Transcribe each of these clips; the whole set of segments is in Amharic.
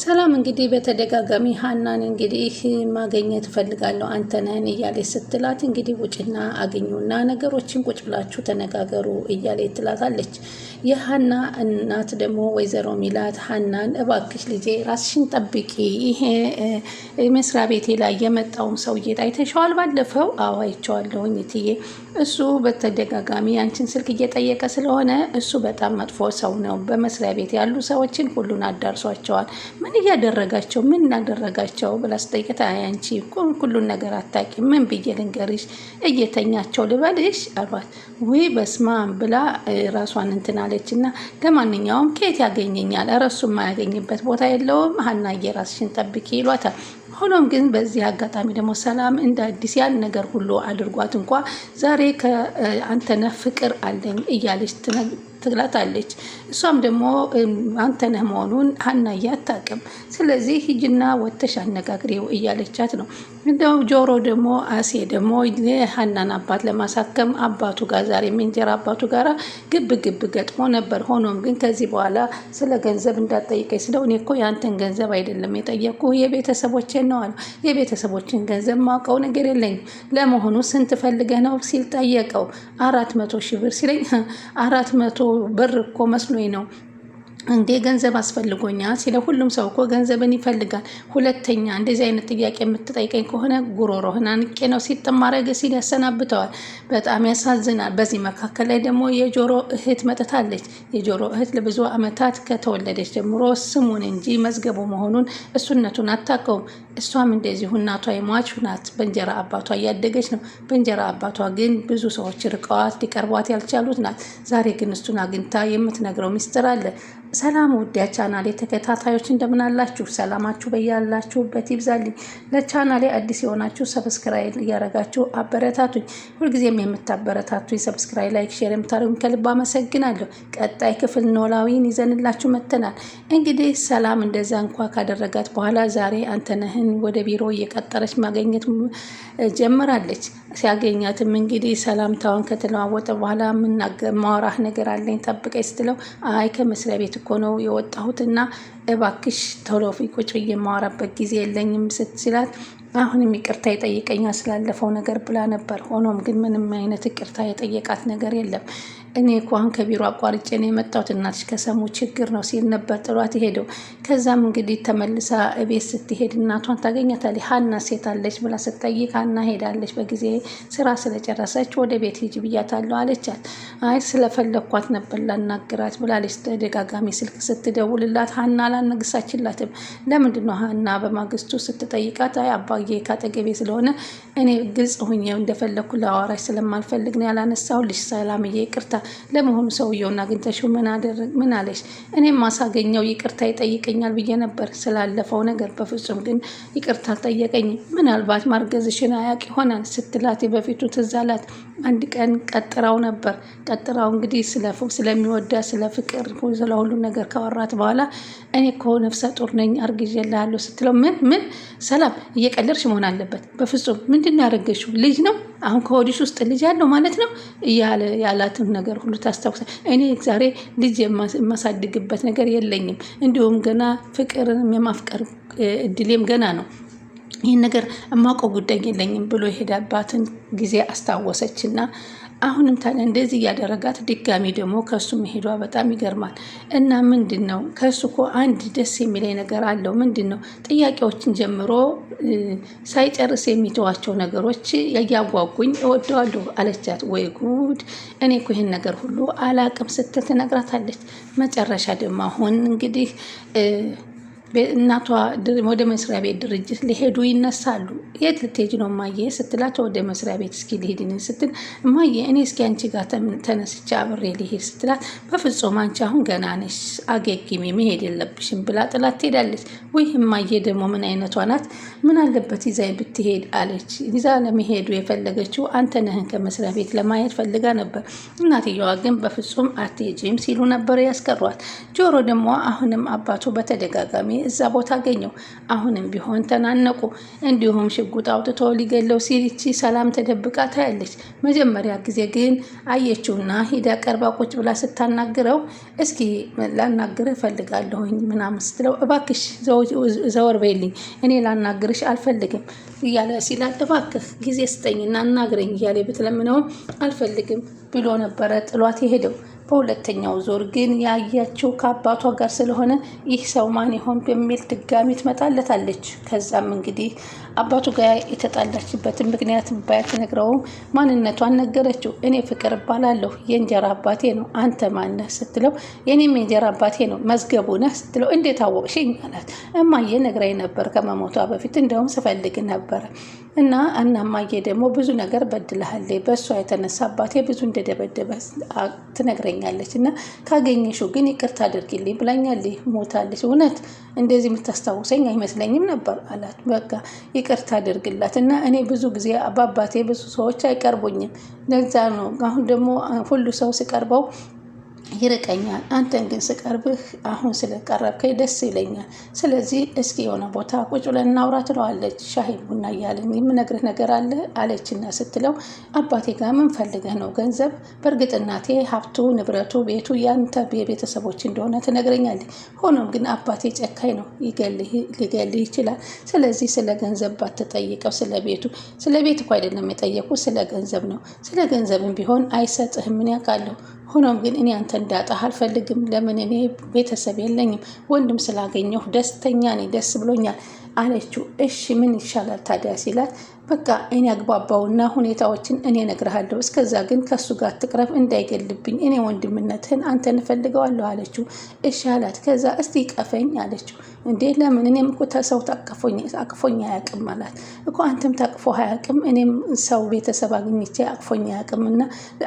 ሰላም እንግዲህ በተደጋጋሚ ሀናን እንግዲህ ማገኘት እፈልጋለሁ አንተነህን እያሌ ስትላት እንግዲህ ውጭና አግኙና ነገሮችን ቁጭ ብላችሁ ተነጋገሩ እያሌ ትላታለች። የሀና እናት ደግሞ ወይዘሮ ሚላት ሀናን እባክሽ ልጄ ራስሽን ጠብቂ፣ ይሄ መስሪያ ቤቴ ላይ የመጣውን ሰውዬ አይተሸዋል? ባለፈው አዎ አይቼዋለሁኝ እትዬ። እሱ በተደጋጋሚ አንቺን ስልክ እየጠየቀ ስለሆነ እሱ በጣም መጥፎ ሰው ነው። በመስሪያ ቤት ያሉ ሰዎችን ሁሉን አዳርሷቸዋል ምን እያደረጋቸው ምን እናደረጋቸው ብላ ስጠይቀት አንቺ ሁሉን ነገር አታቂ ምን ብዬ ልንገርሽ እየተኛቸው ልበልሽ አሏት። ዊ በስማም ብላ ራሷን እንትን አለች እና ለማንኛውም ከየት ያገኘኛል? እረሱም ማያገኝበት ቦታ የለውም ሀና የራስሽን ጠብቂ ይሏታል። ሆኖም ግን በዚህ አጋጣሚ ደግሞ ሰላም እንደ አዲስ ያን ነገር ሁሉ አድርጓት እንኳ ዛሬ ከአንተነህ ፍቅር አለኝ እያለች ትላታለች። እሷም ደግሞ አንተነህ መሆኑን ሀና እያታቅም ስለዚህ ሂጂና ወተሽ አነጋግሬው እያለቻት ነው። እንደው ጆሮ ደግሞ አሴ ደግሞ የሀናን አባት ለማሳከም አባቱ ጋር ዛሬም እንጀራ አባቱ ጋር ግብ ግብ ገጥሞ ነበር። ሆኖም ግን ከዚህ በኋላ ስለ ገንዘብ እንዳትጠይቀኝ ስለው እኔ እኮ የአንተን ገንዘብ አይደለም የጠየቅኩ የቤተሰቦችን ነው አለ። የቤተሰቦችን ገንዘብ ማውቀው ነገር የለኝ። ለመሆኑ ስንት ፈልገህ ነው ሲል ጠየቀው። አራት መቶ ሺህ ብር ሲለኝ አራት መቶ ብር እኮ መስሎኝ ነው እንዴ ገንዘብ አስፈልጎኛል ሲለው፣ ሁሉም ሰው እኮ ገንዘብን ይፈልጋል። ሁለተኛ እንደዚህ አይነት ጥያቄ የምትጠይቀኝ ከሆነ ጉሮሮህን አንቄ ነው ሲጠማረግ ሲል ያሰናብተዋል። በጣም ያሳዝናል። በዚህ መካከል ላይ ደግሞ የጆሮ እህት መጥታለች። የጆሮ እህት ለብዙ ዓመታት ከተወለደች ጀምሮ ስሙን እንጂ መዝገቡ መሆኑን እሱነቱን አታውቀውም። እሷም እንደዚሁ እናቷ የሟች ናት። በእንጀራ አባቷ እያደገች ነው። በእንጀራ አባቷ ግን ብዙ ሰዎች ርቀዋት ሊቀርቧት ያልቻሉት ናት። ዛሬ ግን እሱን አግኝታ የምትነግረው ሚስጥር አለ ሰላም ውዲያ ቻናሌ ተከታታዮች እንደምን አላችሁ? ሰላማችሁ በያላችሁበት ይብዛልኝ። ለቻናሌ አዲስ የሆናችሁ ሰብስክራይብ እያረጋችሁ አበረታቱኝ። ሁልጊዜም የምታበረታቱኝ ሰብስክራይብ፣ ላይክ፣ ሼር የምታደርጉኝ ከልብ አመሰግናለሁ። ቀጣይ ክፍል ኖላዊን ይዘንላችሁ መጥተናል። እንግዲህ ሰላም እንደዛ እንኳ ካደረጋት በኋላ ዛሬ አንተነህን ወደ ቢሮ እየቀጠረች ማገኘት ጀምራለች። ሲያገኛትም እንግዲህ ሰላምታውን ከተለዋወጠ በኋላ ማውራህ ነገር አለኝ ጠብቀኝ ስትለው አይ ከመስሪያ ቤቱ እኮ ነው የወጣሁት እና እባክሽ ቶሎ ፊ ቁጭ ብዬ የማወራበት ጊዜ የለኝም ስትላት አሁንም ይቅርታ የጠየቀኛ ስላለፈው ነገር ብላ ነበር። ሆኖም ግን ምንም አይነት ይቅርታ የጠየቃት ነገር የለም። እኔ እኮ ከቢሮ አቋርጬ ነው የመጣሁት እናትሽ ከሰሙ ችግር ነው ሲል ነበር ጥሏት የሄደው። ከዛም እንግዲህ ተመልሳ እቤት ስትሄድ እናቷን ታገኛታለች። ሀና ሴት አለች ብላ ስጠይቅ ሀና ሄዳለች፣ በጊዜ ስራ ስለጨረሰች ወደ ቤት ሂጅ ብያታለሁ አለቻት። አይ ስለፈለግኳት ነበር ላናግራት ብላለች። ተደጋጋሚ ስልክ ስትደውልላት ሀና አላነግሳችላትም። ለምንድነው ሀና በማግስቱ ስትጠይቃት አይ አባ ሰውዬ ካጠገቤ ስለሆነ እኔ ግልጽ ሁኜ እንደፈለግኩ ለአዋራሽ ስለማልፈልግ ነው ያላነሳሁልሽ። ሰላምዬ ይቅርታ። ለመሆኑ ሰውየውን አግኝተሽው ምን አደረግ ምን አለሽ? እኔም ማሳገኘው ይቅርታ ይጠይቀኛል ብዬ ነበር ስላለፈው ነገር። በፍጹም ግን ይቅርታ አልጠየቀኝም። ምናልባት ማርገዝሽን አያውቅ ይሆናል ስትላት በፊቱ ትዝ አላት። አንድ ቀን ቀጥራው ነበር። ቀጥራው እንግዲህ ስለሚወዳ ስለ ፍቅር ስለሁሉ ነገር ካወራት በኋላ እኔ እኮ ነፍሰ ጡር ነኝ አርግዤልሃለሁ ስትለው ምን ምን ሰላም እየቀ የቀለድሽ መሆን አለበት። በፍጹም ምንድን ያደረገሽው ልጅ ነው አሁን ከወዲሽ ውስጥ ልጅ ያለው ማለት ነው እያለ ያላትን ነገር ሁሉ ታስታውሳል። እኔ ዛሬ ልጅ የማሳድግበት ነገር የለኝም፣ እንዲሁም ገና ፍቅርን የማፍቀር እድሌም ገና ነው ይህን ነገር የማውቀው ጉዳይ የለኝም ብሎ የሄዳባትን ጊዜ አስታወሰችና አሁንም ታዲያ እንደዚህ እያደረጋት ድጋሚ ደግሞ ከሱ መሄዷ በጣም ይገርማል። እና ምንድን ነው ከሱ እኮ አንድ ደስ የሚለኝ ነገር አለው። ምንድን ነው ጥያቄዎችን ጀምሮ ሳይጨርስ የሚተዋቸው ነገሮች እያጓጉኝ እወደዋለሁ አለቻት። ወይ ጉድ! እኔ እኮ ይህን ነገር ሁሉ አላቅም ስትል ትነግራታለች። መጨረሻ ደግሞ አሁን እንግዲህ እናቷ ወደ መስሪያ ቤት ድርጅት ሊሄዱ ይነሳሉ። የት ልትሄጂ ነው እማዬ ስትላቸው ወደ መስሪያ ቤት እስኪ ሊሄድን ስትል እማዬ እኔ እስኪ አንቺ ጋር ተነስቼ አብሬ ሊሄድ ስትላት በፍጹም አንቺ አሁን ገና ነሽ አገግሜ መሄድ የለብሽም ብላ ጥላት ትሄዳለች። ወይ እማዬ ደግሞ ምን አይነቷ ናት? ምን አለበት ይዛ ብትሄድ አለች። ይዛ ለመሄዱ የፈለገችው አንተ ነህን ከመስሪያ ቤት ለማየት ፈልጋ ነበር። እናትየዋ ግን በፍጹም አትሄጂም ሲሉ ነበር ያስቀሯት። ጆሮ ደግሞ አሁንም አባቱ በተደጋጋሚ እዛ ቦታ አገኘው። አሁንም ቢሆን ተናነቁ። እንዲሁም ሽጉጥ አውጥቶ ሊገለው ሲልቺ ሰላም ተደብቃ ታያለች። መጀመሪያ ጊዜ ግን አየችውና ሂዳ ቀርባ ቁጭ ብላ ስታናግረው እስኪ ላናግር እፈልጋለሁኝ ምናምን ስትለው እባክሽ ዘወር በይልኝ እኔ ላናግርሽ አልፈልግም እያለ ሲላት እባክህ ጊዜ ስጠኝና እናግረኝ እያለ ብትለምነውም አልፈልግም ብሎ ነበረ ጥሏት የሄደው። በሁለተኛው ዞር ግን ያያቸው ከአባቷ ጋር ስለሆነ ይህ ሰው ማን ይሆን በሚል ድጋሚ ትመጣለታለች። ከዛም እንግዲህ አባቱ ጋር የተጣላችበትን ምክንያት ባትነግረውም ማንነቷን ነገረችው። እኔ ፍቅር እባላለሁ፣ የእንጀራ አባቴ ነው። አንተ ማነህ ስትለው የኔም የእንጀራ አባቴ ነው መዝገቡ ነህ ስትለው እንዴት አወቅሽኝ አላት። እማዬ ነግራኝ ነበር ከመሞቷ በፊት እንደውም ስፈልግ ነበረ እና እናማዬ ደግሞ ብዙ ነገር በድልሃሌ በእሷ የተነሳ አባቴ ብዙ እንደደበደበ ትነግረኝ ትገኛለች እና ካገኘሽው ግን ይቅርታ አድርጊልኝ ብላኛለች፣ ሞታለች። እውነት እንደዚህ የምታስታውሰኝ አይመስለኝም ነበር አላት። በቃ ይቅርታ አድርግላት እና እኔ ብዙ ጊዜ በአባቴ ብዙ ሰዎች አይቀርቡኝም፣ ለዛ ነው አሁን ደግሞ ሁሉ ሰው ሲቀርበው ይርቀኛል። አንተን ግን ስቀርብህ አሁን ስለቀረብከኝ ደስ ይለኛል። ስለዚህ እስኪ የሆነ ቦታ ቁጭ ብለን እናውራ ትለዋለች። ሻሂ ቡና እያለን የምነግርህ ነገር አለ አለችና ስትለው አባቴ ጋር ምን ፈልገህ ነው? ገንዘብ በእርግጥ እናቴ ሀብቱ፣ ንብረቱ፣ ቤቱ ያንተ የቤተሰቦች እንደሆነ ትነግረኛለች። ሆኖም ግን አባቴ ጨካኝ ነው፣ ሊገልህ ይችላል። ስለዚህ ስለ ገንዘብ ባትጠይቀው፣ ስለ ቤቱ ስለ ቤት እኮ አይደለም የጠየቁ ስለ ገንዘብ ነው። ስለ ገንዘብም ቢሆን አይሰጥህም። ምን ያውቃለሁ ሆኖም ግን እኔ አንተ እንዳጣህ አልፈልግም። ለምን እኔ ቤተሰብ የለኝም፣ ወንድም ስላገኘሁ ደስተኛ ነኝ፣ ደስ ብሎኛል አለችው። እሺ ምን ይሻላል ታዲያ ሲላት በቃ እኔ አግባባውና ሁኔታዎችን እኔ እነግርሃለሁ። እስከዛ ግን ከእሱ ጋር ትቅረብ እንዳይገልብኝ፣ እኔ ወንድምነትህን አንተ እንፈልገዋለሁ አለችው። እሺ አላት። ከዛ እስቲ ቀፈኝ አለችው። እንዴ ለምን እኔም እኮ ሰው አቅፎኝ አያውቅም አላት። እኮ አንተም ታቅፎ አያውቅም፣ እኔም ሰው ቤተሰብ አግኝቼ አቅፎኝ አያቅምና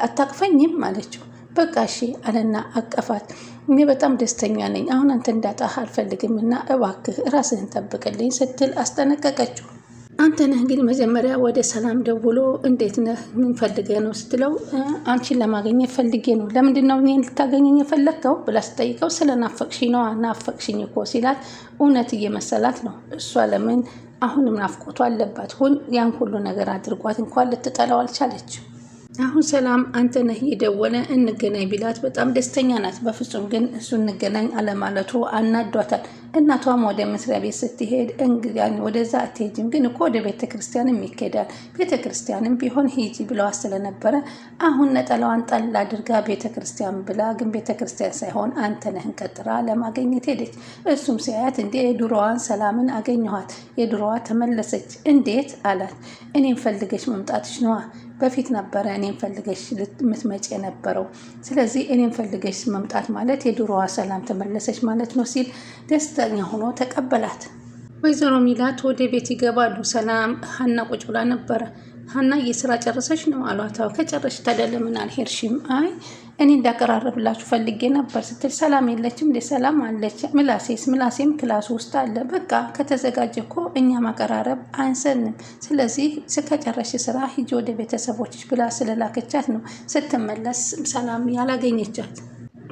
አታቅፈኝም አለችው። በቃ እሺ አለና አቀፋት። እኔ በጣም ደስተኛ ነኝ፣ አሁን አንተ እንዳጣህ አልፈልግም እና እባክህ ራስህን ጠብቅልኝ ስትል አስጠነቀቀችው። አንተ ነህ እንግዲህ መጀመሪያ ወደ ሰላም ደውሎ እንዴት ነህ ምን ፈልገህ ነው ስትለው፣ አንቺን ለማገኘት ፈልጌ ነው። ለምንድን ነው እኔን ልታገኘኝ የፈለግከው ብላ ስጠይቀው፣ ስለ ናፈቅሽ ነዋ ናፈቅሽኝ እኮ ሲላት፣ እውነት እየመሰላት ነው እሷ ለምን አሁንም ናፍቆቱ አለባት። ሁን ያን ሁሉ ነገር አድርጓት እንኳን ልትጠላው አልቻለች። አሁን ሰላም አንተ ነህ የደወለ እንገናኝ ቢላት በጣም ደስተኛ ናት። በፍጹም ግን እሱ እንገናኝ አለማለቱ አናዷታል። እናቷም ወደ መስሪያ ቤት ስትሄድ እንግዲያን ወደዛ አትሄጂም፣ ግን እኮ ወደ ቤተ ክርስቲያንም ይኬዳል፣ ቤተ ክርስቲያንም ቢሆን ሂጂ ብለዋ ስለነበረ አሁን ነጠላዋን ጠላ አድርጋ ቤተ ክርስቲያን ብላ፣ ግን ቤተ ክርስቲያን ሳይሆን ነህን ቀጥራ ለማገኘት ሄደች። እሱም ሲያያት እንዴ የድሮዋን ሰላምን አገኘኋት፣ የድሮዋ ተመለሰች፣ እንዴት አላት። እኔም ፈልገች መምጣትሽ ነዋ በፊት ነበረ እኔም ፈልገሽ የምትመጪ የነበረው። ስለዚህ እኔም ፈልገሽ መምጣት ማለት የድሮዋ ሰላም ተመለሰች ማለት ነው ሲል ደስ ደስተኛ ሆኖ ተቀበላት። ወይዘሮ ሚላት ወደ ቤት ይገባሉ። ሰላም ሀና ቁጭ ብላ ነበረ። ሀና የስራ ጨረሰች ነው አሏታው። ከጨረሽ ታዲያ ለምን አልሄድሽም? አይ እኔ እንዳቀራረብላችሁ ፈልጌ ነበር ስትል ሰላም የለችም እንዴ? ሰላም አለች። ምላሴስ? ምላሴም ክላስ ውስጥ አለ። በቃ ከተዘጋጀ እኮ እኛ ማቀራረብ አንሰንም። ስለዚህ ስከጨረሽ ስራ ሂጂ ወደ ቤተሰቦች ብላ ስለላከቻት ነው ስትመለስ ሰላም ያላገኘቻት።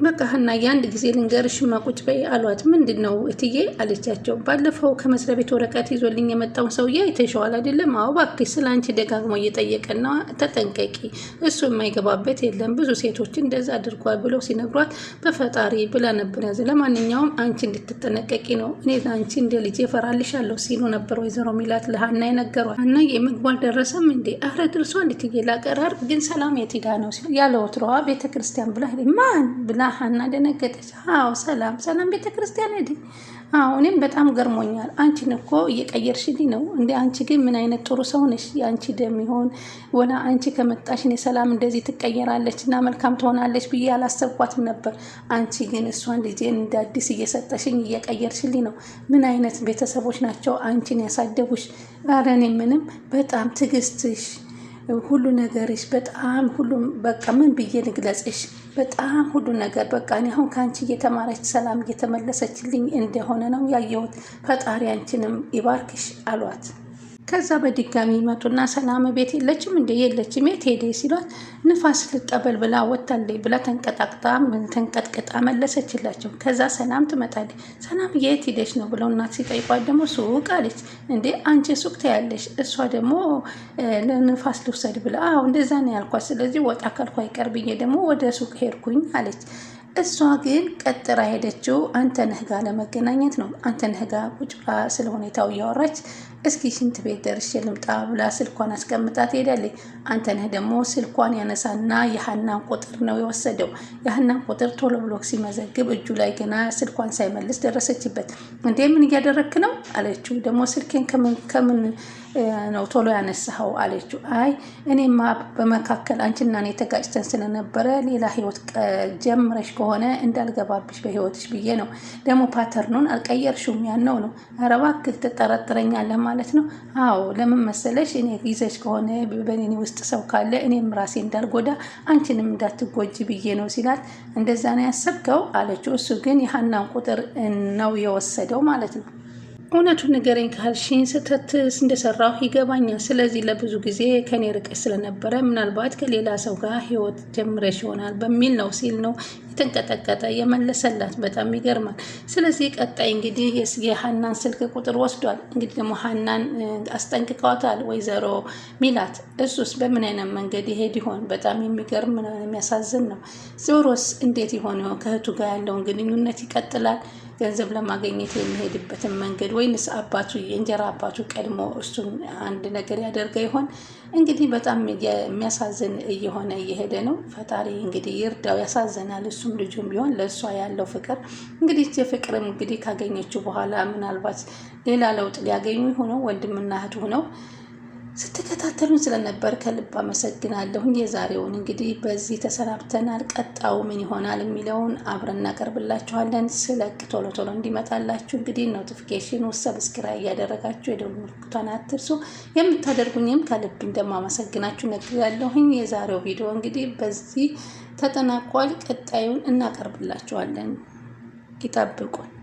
በቃ ሀናዬ አንድ ጊዜ ልንገርሽማ ቁጭ በይ አሏት። ምንድን ነው እትዬ አለቻቸው። ባለፈው ከመስሪያ ቤት ወረቀት ይዞልኝ የመጣውን ሰውዬ አይተሸዋል አይደለም? አዎ እባክሽ፣ ስለ አንቺ ደጋግሞ እየጠየቀና ተጠንቀቂ፣ እሱ የማይገባበት የለም ብዙ ሴቶች እንደዛ አድርጓል ብለው ሲነግሯት በፈጣሪ ብላ ነበር ያዘ። ለማንኛውም አንቺ እንድትጠነቀቂ ነው እኔ ለአንቺ እንደ ልጄ እፈራልሻለሁ ሲሉ ነበር ወይዘሮ ሚላት ለሀና የነገሯት። ሀናዬ የምግቡ አልደረሰም እንዴ? አረ ድርሷ እንድትዬ ላቀራር ግን ሰላም የትዳ ነው ያለ ወትሮዋ ቤተክርስቲያን ብላ ማን ብላ ሀና ደነገጠች። አዎ ሰላም ሰላም፣ ቤተ ክርስቲያን ሄድ። አዎ እኔም በጣም ገርሞኛል። አንቺን እኮ እየቀየርሽልኝ ነው እንደ አንቺ ግን ምን አይነት ጥሩ ሰው ነሽ? የአንቺ ደም ይሆን ወላ አንቺ ከመጣሽ እኔ ሰላም እንደዚህ ትቀየራለች እና መልካም ትሆናለች ብዬ አላሰብኳትም ነበር። አንቺ ግን እሷን ልጄን እንደ አዲስ እየሰጠሽኝ እየቀየርሽልኝ ነው። ምን አይነት ቤተሰቦች ናቸው አንቺን ያሳደጉሽ? ኧረ እኔ ምንም በጣም ትዕግስትሽ ሁሉ ነገርሽ በጣም ሁሉ በቃ ምን ብዬ ልግለጽሽ? በጣም ሁሉ ነገር በቃ እኔ አሁን ከአንቺ እየተማረች ሰላም እየተመለሰችልኝ እንደሆነ ነው ያየሁት። ፈጣሪ አንቺንም ይባርክሽ አሏት። ከዛ በድጋሚ መጡና ሰላም ቤት የለችም እንደ የለችም የት ሄደ ሲሏት ንፋስ ልጠበል ብላ ወታለይ ብላ ተንቀጣቅጣ ተንቀጥቅጣ መለሰችላቸው። ከዛ ሰላም ትመጣለች። ሰላም የት ሄደች ነው ብለው እናት ሲጠይቋት ደግሞ ሱቅ አለች። እንዴ አንቺ ሱቅ ታያለች እሷ ደግሞ ንፋስ ልውሰድ ብላ አዎ እንደዛ ነው ያልኳት። ስለዚህ ወጣ ካልኳ አይቀር ብዬ ደግሞ ወደ ሱቅ ሄድኩኝ አለች። እሷ ግን ቀጥራ ሄደችው አንተነህ ጋር ለመገናኘት ነው። አንተነህ ጋር ቁጭ ብላ ስለ ሁኔታው እያወራች እስኪ ሽንት ቤት ደርሼ ልምጣ ብላ ስልኳን አስቀምጣ ትሄዳለች። አንተነህ ደግሞ ስልኳን ያነሳና የሀናን ቁጥር ነው የወሰደው። የሀናን ቁጥር ቶሎ ብሎ ሲመዘግብ እጁ ላይ ገና ስልኳን ሳይመልስ ደረሰችበት። እንዴ ምን እያደረክ ነው አለችው። ደግሞ ስልኬን ከምን ነው ቶሎ ያነሳኸው አለችው። አይ እኔማ በመካከል አንቺና እኔ ተጋጭተን ስለነበረ ሌላ ህይወት ጀምረሽ ከሆነ እንዳልገባብሽ በህይወትሽ ብዬ ነው። ደግሞ ፓተርኑን አልቀየርሽውም ያነው ነው። ኧረ እባክህ ትጠረጥረኛለህ ማለት ነው። አዎ ለምን መሰለሽ እኔ ይዘሽ ከሆነ በኔ ውስጥ ሰው ካለ እኔም ራሴ እንዳልጎዳ አንቺንም እንዳትጎጂ ብዬ ነው ሲላት፣ እንደዛ ነው ያሰብከው አለችው። እሱ ግን የሀናን ቁጥር ነው የወሰደው ማለት ነው። እውነቱን ንገረኝ ካልሽኝ ስህተት እንደሰራሁ ይገባኛል። ስለዚህ ለብዙ ጊዜ ከኔ ርቀት ስለነበረ ምናልባት ከሌላ ሰው ጋር ህይወት ጀምረሽ ይሆናል በሚል ነው ሲል ነው የተንቀጠቀጠ የመለሰላት። በጣም ይገርማል። ስለዚህ ቀጣይ እንግዲህ የሀናን ስልክ ቁጥር ወስዷል። እንግዲህ ደግሞ ሀናን አስጠንቅቀዋታል ወይዘሮ ሚላት። እሱስ በምን አይነት መንገድ ይሄድ ይሆን? በጣም የሚገርም የሚያሳዝን ነው። ዞሮስ እንዴት ይሆን? ከእህቱ ጋር ያለውን ግንኙነት ይቀጥላል ገንዘብ ለማግኘት የሚሄድበትን መንገድ ወይንስ አባቱ የእንጀራ አባቱ ቀድሞ እሱን አንድ ነገር ያደርገ ይሆን? እንግዲህ በጣም የሚያሳዝን እየሆነ እየሄደ ነው። ፈጣሪ እንግዲህ ይርዳው። ያሳዘናል። እሱም ልጁም ቢሆን ለእሷ ያለው ፍቅር እንግዲህ የፍቅርም እንግዲህ ካገኘችው በኋላ ምናልባት ሌላ ለውጥ ሊያገኙ ሆነው ወንድምና እህት ሆነው ስትከታተሉን ስለነበር ከልብ አመሰግናለሁ። የዛሬውን እንግዲህ በዚህ ተሰናብተናል። ቀጣው ምን ይሆናል የሚለውን አብረን እናቀርብላችኋለን። ስለቅ ቶሎ ቶሎ እንዲመጣላችሁ እንግዲህ ኖቲፊኬሽን ውስጥ እያደረጋችሁ የደወል ምልክቱን አትርሱ። የምታደርጉኝም ከልብ እንደማመሰግናችሁ ነግሬያለሁኝ። የዛሬው ቪዲዮ እንግዲህ በዚህ ተጠናቋል። ቀጣዩን እናቀርብላችኋለን። ይጠብቁን።